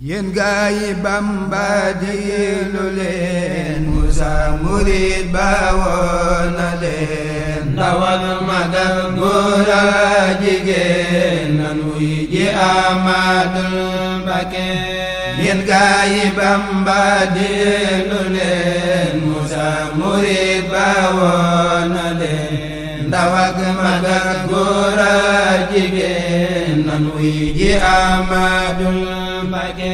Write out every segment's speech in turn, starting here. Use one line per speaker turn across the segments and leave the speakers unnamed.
yéen gaa yi Bamba déglu leen Musa murid ba woon na leen ndawal madal góor a jigéen nan wuy ji Amadou Mbacké yéen leen Musa murid ba woon na leen jigéen nan wuy ji Amadou Mbàkke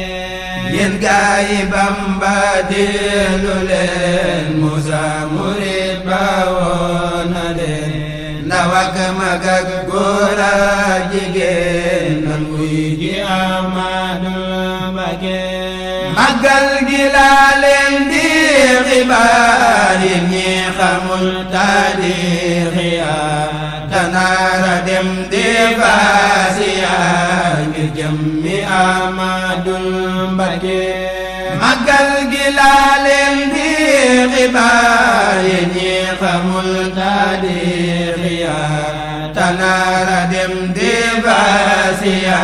yéen gaa yi Bamba dellu leen Musa murit ba woon na leen ndaw ak mag ak góor ak jigéen nanguy ji Amadu Mbàkke màggal gi laa leen di xibaar yi ñi xamul taarix ya tanaara dem di baaye ñi xamul taarixiya tanaara dem di baasiya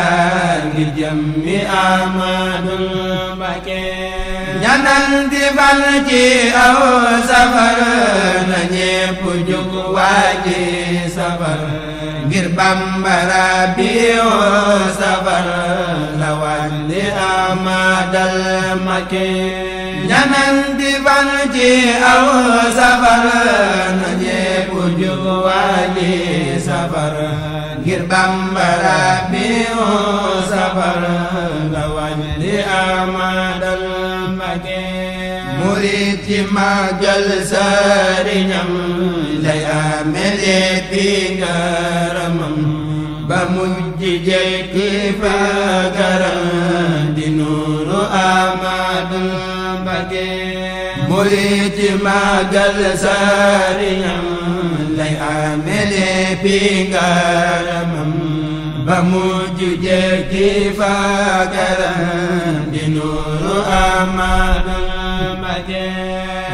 ngir jëmmi Amadul Mbàkke ñanan di bal aw safar na ñépp jug waaji safar ngir bambara bi woo safar la wàlli Amadal ñaanal di ban ci aw safar na ñépp jug waaji safar Bamba rabbi safar nga wàññi di amadal Mbàkke murit ci màggal sëriñam lay amel éppi ngaramam ba mujj jekki fa garam di nuuru amadal murid yi màggal sariñam lay amele pi ngaramam ba mujj jekki faagaram di nuuru amadam Mbakke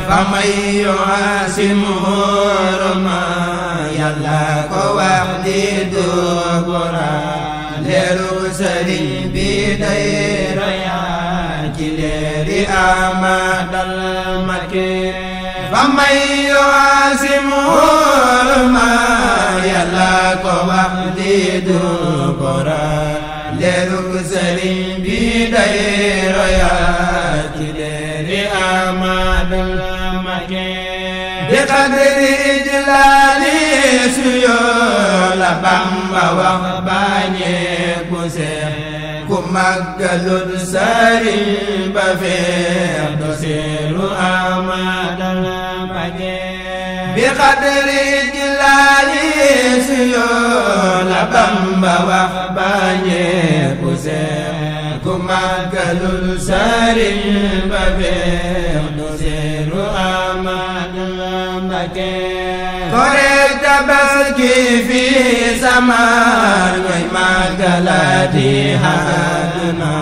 fa may yuasim hurma yàlla ko wax di dubura leeru sëriñ bi day مهد المكين فمن يعاسمه ما يلاك وحدي دبرا لذك سليم بدير يا كدير أماد المكين بقدر إجلالي سيول بامبا وباني كسير ku màggalul sëriñ ba feex du siiru amadal mbàkke bi xadri jilaali si yoo la bamba wax bàññee ku seex ku màggalul sëriñ ba feex du siiru amadal mbàkke tabaski fi samaan mooy màggalati àdduna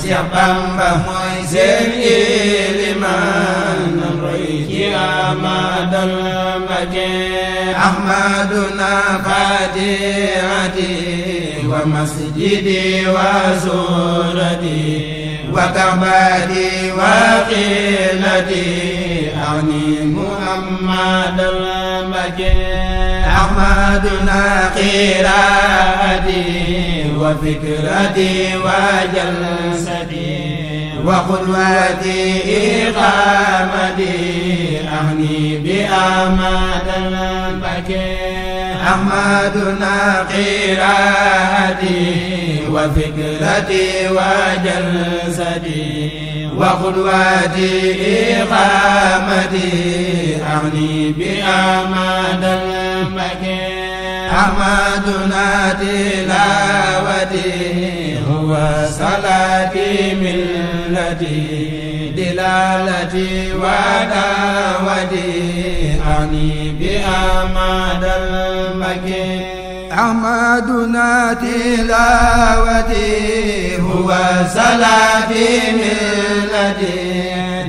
Seex Bamba mooy seen ilimaan na roy ci Amadal Mbàkke ahmaduna fatiati wa masjidi wa surati وكبادي وقيلتي أعني محمد المجيد أحمدنا قيراتي وفكرتي وجلستي وقدوتي إقامتي أغني بأماد الفكير أحمد قراءتي وفكرتي وجلستي وقدوتي إقامتي أغني بأماد الفكير أحمدنا تلاوتي هو صلاتي من دلالتي ودعوتي أعني بها مع المكين أحمدنا تلاوتي هو سلفي ملتي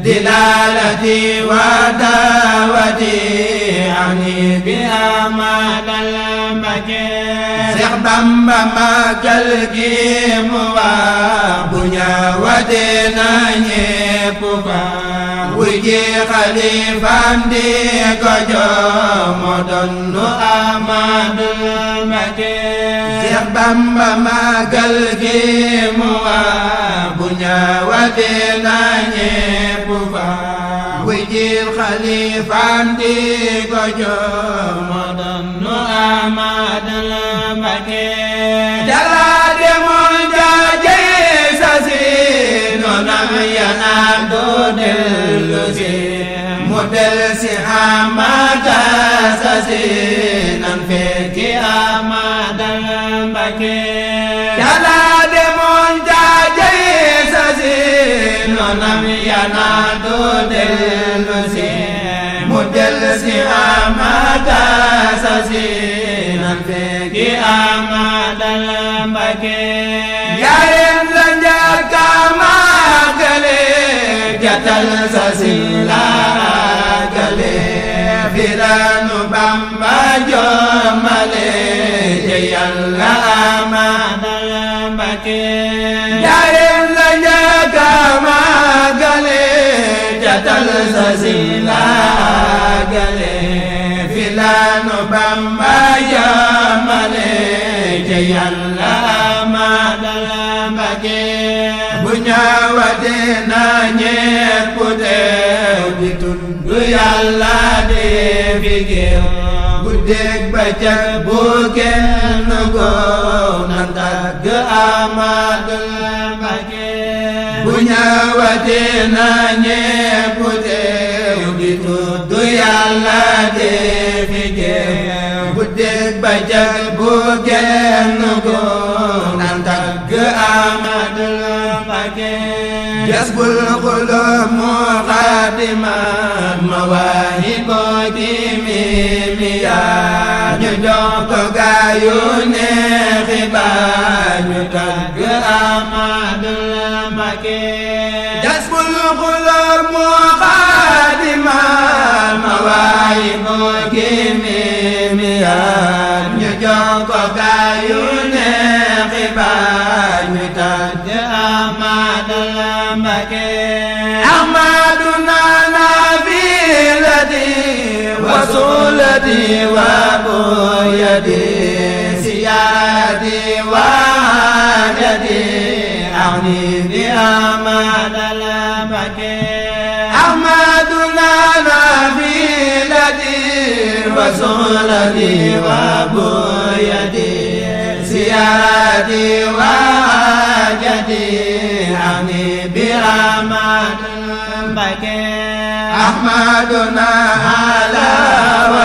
دلالتي ودعوتي أعني بها مع المكين Bamba bu ñaawatee na ñépp fa wu ji xalifaam di ko jox Bamba màggal gi waa bu ñaawatee na ñépp jil xalifam di ko jox moo doon nu amadal Mbàkke jala demoon jaajëy sa si noonam ya naan doo dellu si mu del si amata sa si nan fekki amadal Mbàkke jala demoon jaajëy sa si noonam ya naan doo dellu si amata sasina fegi amata Mbàkke yaayam la njàkka màggale jatal sasin la gale firanu Bamba jomale je Yàlla amata Mbàkke yaayam la njàkka màggale jatal sasin la Bamba jaamale ca Yàlla madal Mbàkke bu ñaawate na ñepp de di tudd Yàlla de fi gir bu dégg ba ca bu kenn ko na tagg amadal Mbàkke bu ñaawate na ñepp xaatimaat ma waayi ko kimiyaa ñu jox ko gaayu ne xibaar ñu tagg Amadou Mbacké jasbul xulóor moo xaatimaat ma waayi ko kimiyaa ñu jox ko gaayu ne xibaar ñu tagg Amadou Mbacké حجتي وبنيتي سيارتي وحاجتي أغني بأحمد المكي أحمد لنا في لدي وسولتي وبنيتي سيارتي وحاجتي أغني برحمة المكي أحمدنا على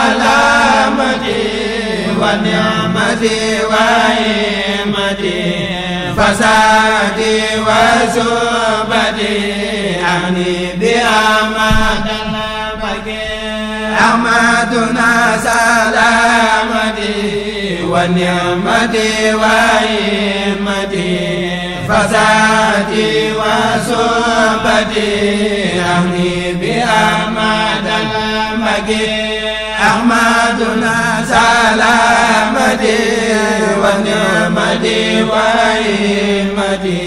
سلامتي ونعمتي وإيمتي فسادي وسوبتي أغني بها ما طلبك أحمدنا سلامتي ونعمتي وإيمتي فسادي وسوبتي أغني بها ما طلبك عبدنا سلامتي ونعمتي وإيمتي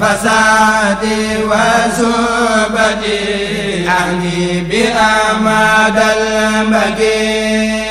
فسادي وسبتي أعني بأماد المجيد